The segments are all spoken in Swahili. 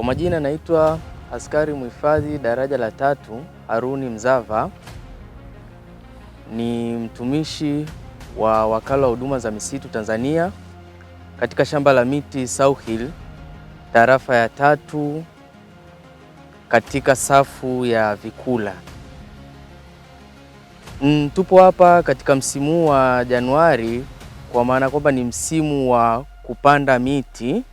Kwa majina naitwa askari mhifadhi daraja la tatu Haruni Mzava, ni mtumishi wa wakala wa huduma za misitu Tanzania katika shamba la miti Sauhil tarafa ya tatu katika safu ya Vikula. Mm, tupo hapa katika msimu wa Januari kwa maana kwamba ni msimu wa kupanda miti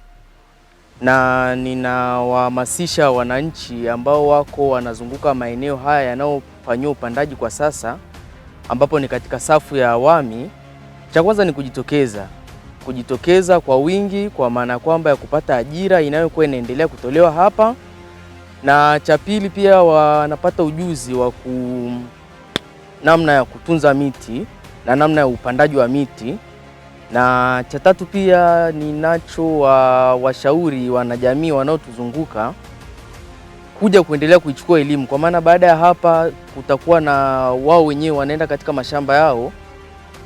na ninawahamasisha wananchi ambao wako wanazunguka maeneo haya yanayofanyiwa upandaji kwa sasa, ambapo ni katika safu ya awami. Cha kwanza ni kujitokeza, kujitokeza kwa wingi, kwa maana ya kwamba ya kupata ajira inayokuwa inaendelea kutolewa hapa, na cha pili pia wanapata ujuzi wa ku namna ya kutunza miti na namna ya upandaji wa miti na cha tatu pia ninacho wa, washauri wanajamii wanaotuzunguka kuja kuendelea kuichukua elimu, kwa maana baada ya hapa kutakuwa na wao wenyewe wanaenda katika mashamba yao,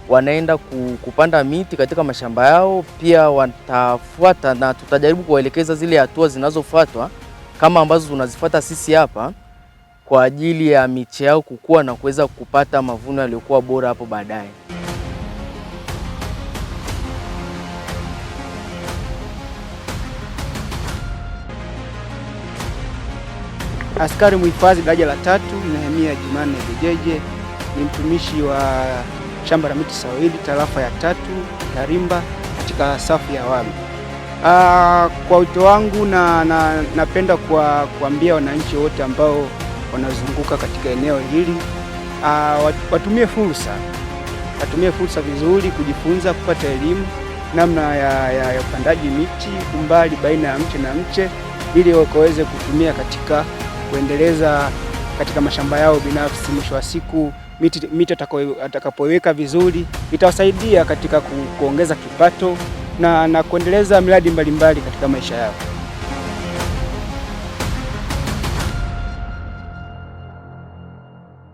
wanaenda kupanda miti katika mashamba yao, pia watafuata na tutajaribu kuwaelekeza zile hatua zinazofuatwa kama ambazo tunazifuata sisi hapa kwa ajili ya miche yao kukua na kuweza kupata mavuno yaliyokuwa bora hapo baadaye. Askari mhifadhi daraja la tatu, Nehemia Jumanne jejeje ni mtumishi wa shamba la miti Sawili, tarafa ya tatu Tarimba, katika safu ya awali. Ah, kwa wito wangu na napenda na kuambia wananchi wote ambao wanazunguka katika eneo hili aa, ah, watumie fursa watumie fursa vizuri kujifunza kupata elimu namna ya, ya, ya upandaji miti, umbali baina ya mche na mche, ili wakaweze kutumia katika kuendeleza katika mashamba yao binafsi. Mwisho wa siku miti, miti atakapoweka vizuri itawasaidia katika ku, kuongeza kipato na, na kuendeleza miradi mbalimbali katika maisha yao.